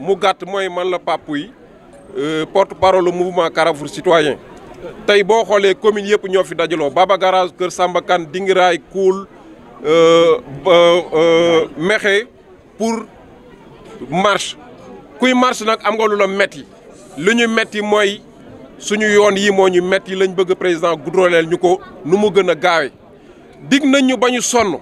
mu gàtt mooy man la Papouye euh, porte parole au mouvement Carrefour citoyen tey boo xoolee communes yëpp ñoo fi dajaloo Baba Garage Kër Samba Kane Dingiraay Koul euh, euh, Mexe pour marche kuy marche nag am nga lu la metti li ñu metti mooy suñu yoon yi moo ñu metti lañ bëgg président goudroleel ñu ko nu mu gën a gaawe dig nañ ñu ba ñu sonn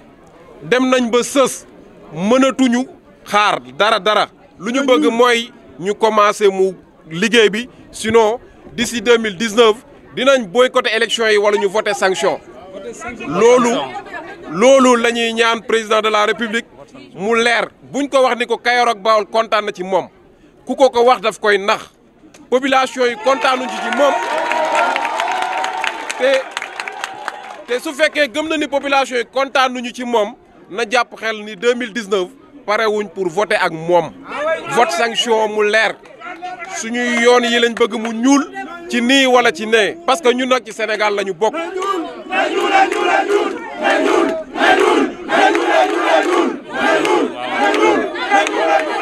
dem nañ ba sës mënatuñu xaar dara dara lu ñu bëgg mooy ñu commencé mu liggéey bi sinon d'ici deux mille dix neuf dinañ boycotter élection yi wala ñu voter sanction loolu loolu la ñuy ñaan président de la république mu leer bu ñu ko wax ni ko Kayoor ak Bawol kontaan na ci moom ku ko ko wax daf koy nax population yi kontaanuñ ci moom te te su fekkee gëm na ni population yi kontaanuñu ci moom na jàpp xel ni 2019 parewuñ pour voter ak moom vote sanction mu leer suñuy yoon yi lañ bëgg mu ñuul ci nii wala ci nee parce que ñun nag ci Sénégal la ñu bokk.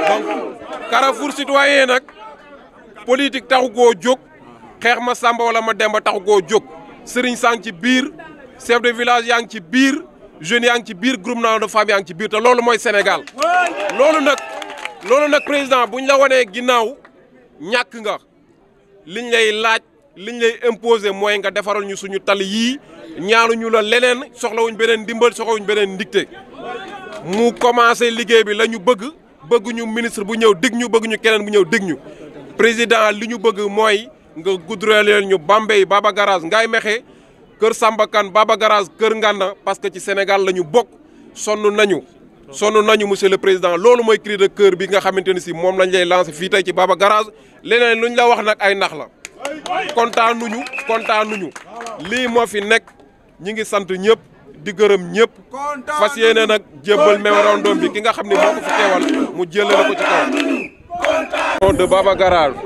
donc Carrefour citoyen nag politique taxu koo jóg xeex ma Samba wala ma Demba taxu goo jóg sëriñ sang ci biir chef de village yaa ngi ci biir jeunes yaa ngi ci biir groupement de femmes yaa ngi ci biir te loolu mooy Sénégal loolu nag. loolu nag président bu ñu la wanee ginnaaw ñàkk nga liñ lay laaj liñ lay imposer mooy nga defaral ñu suñu tali yii ñaaruñu la leneen soxlawuñ beneen ndimbal soxlawuñ beneen ndigte mu commencé liggéey bi lañu bëgg bëgguñu ministre bu ñëw dig ñu bëgguñu keneen bu ñëw dig président li ñu bëgg mooy nga gudreleel ñu Bambey Baba Garage Ngaye Mékhé Kër Samba Kane Baba Garage Kër Nganda parce que ci Sénégal la ñu bokk sonn nañu sonn nañu monsieur le président loolu mooy cri de cœur bi nga xamante ni si moom lañ lay lancé fii tey ci Baba Garage leneen luñ la wax nag ay nax la kontaanuñu kontaanuñu lii moo fi nekk ñi ngi sant ñëpp di gërëm ñépp fas yéene nag jébbal mémorandum bi ki nga xam ni moo ko fi teewal mu jëlle la ko ci kaw de Baba Garage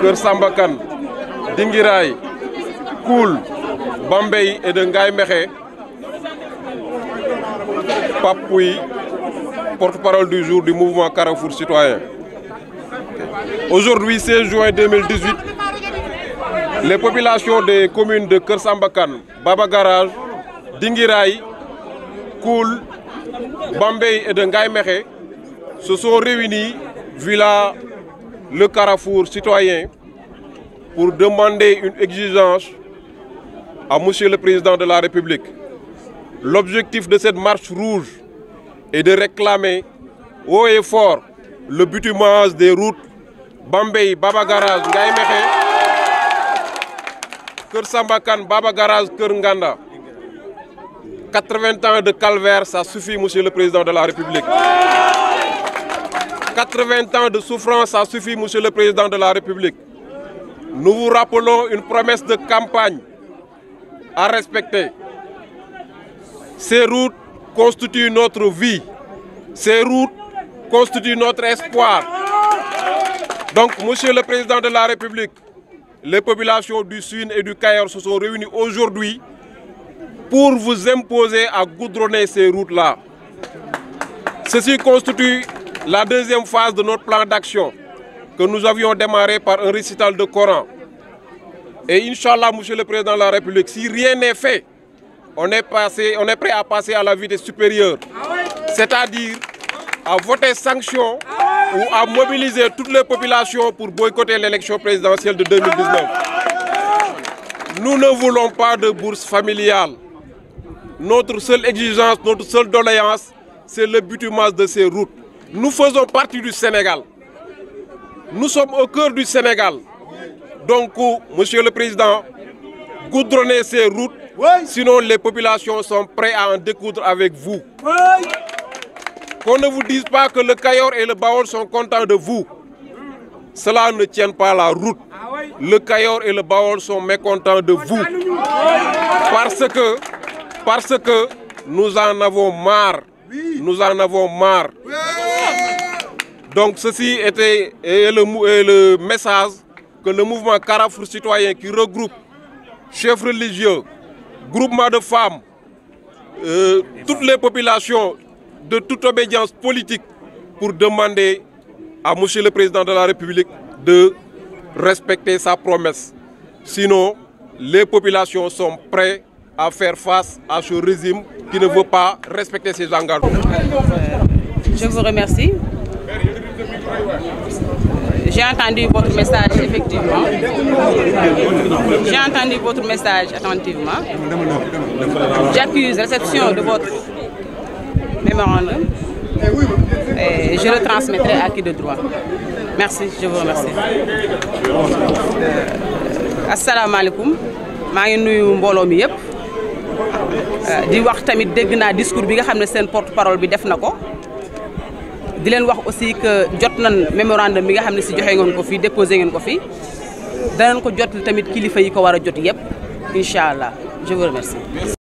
Kër Samba Kane Dingiraay Koul Bambey et de Ngaye Mékhé Papouye porte-parole du jour du mouvement Carrefour citoyen. Aujourd'hui, 16 juin 2018, les populations des communes de Kersambakan, Baba Garage, Dingirai, Koul, Bambay et de Ngaïmehe se sont villa via le Carrefour citoyen pour demander une exigence à Monsieur le Président de la République. L'objectif de cette marche rouge et de réclamer haut et le bitumage des routes Bambey, Baba Garage, Ker Sambakan, Baba Garage, Ker Nganda. 80 ans de calvaire, ça suffit, monsieur le président de la République. 80 ans de souffrance, ça suffit, monsieur le président de la République. Nous vous une promesse de campagne à respecter. Ces routes constituent notre vie. Ces routes constituent notre espoir. Donc, Monsieur le Président de la République, les populations du Sud et du Caire se sont réunies aujourd'hui pour vous imposer à goudronner ces routes-là. Ceci constitue la deuxième phase de notre plan d'action que nous avions démarré par un récital de Coran. Et Inch'Allah, Monsieur le Président de la République, si rien n'est fait, on est, passé, on est prêt à passer à la vitesse supérieure, c'est-à-dire à voter sanction ou à mobiliser toutes les populations pour boycotter l'élection présidentielle de 2019. Nous ne voulons pas de bourse familiale. Notre seule exigence, notre seule doléance, c'est le butumas de ces routes. Nous faisons partie du Sénégal. Nous sommes au cœur du Sénégal. Donc, Monsieur le Président, goudronnez ces routes Sinon, les populations sont prêtes à en découdre avec vous. Qu'on vous dise pas que le Cayor et le Baol sont contents de vous. Cela ne tient pas la route. Ah le Cayor et le Baol sont mécontents de vous. Parce que, parce nous en avons marre. Nous en avons marre. Donc ceci était et le, message que le mouvement Carrefour citoyen qui regroupe chefs religieux, groupement de femmes, euh, toutes les populations de toute obédience politique pour demander à Monsieur le Président de la République de respecter sa promesse. Sinon, les populations sont prêtes à faire face à ce régime qui ne veut pas respecter ses engagements. Je vous remercie. J'ai entendu votre message effectivement. J'ai entendu votre message attentivement. J'accuse réception de votre mémorandum et je le à qui de droit. Merci, je vous remercie. Euh, asalaamaaleykum maa ngi nuyu mbooloo mi yëpp euh, di wax tamit dégg naa discours bi nga xam ne seen porte parole bi def na ko. di leen wax aussi que jot nan mémorandum bi nga xam ne si joxe ngeen ko fi déposé ngeen ko fi danañ ko jot tamit kilifa yi ko war a jot yëpp incha allah je vous remercie.